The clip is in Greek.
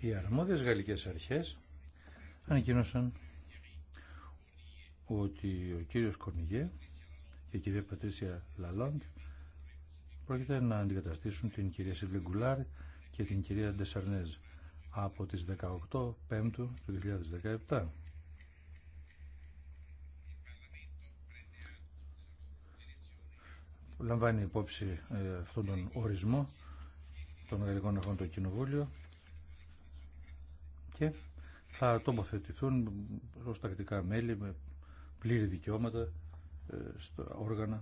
Οι αρμόδιες γαλλικές αρχές ανακοίνωσαν ότι ο κύριος Κορνιγέ και η κυρία Πατρίσια Λαλόντ πρόκειται να αντικαταστήσουν την κυρία Σιβλεγκουλάρ και την κυρία Ντεσσαρνέζ από τις 18 Πέμπτου του 2017. Λαμβάνει υπόψη ε, αυτόν τον ορισμό των γαλλικών αρχών το Κοινοβούλιο και θα τομοθετηθούν ως τακτικά μέλη με πλήρη δικαιώματα ε, στα όργανα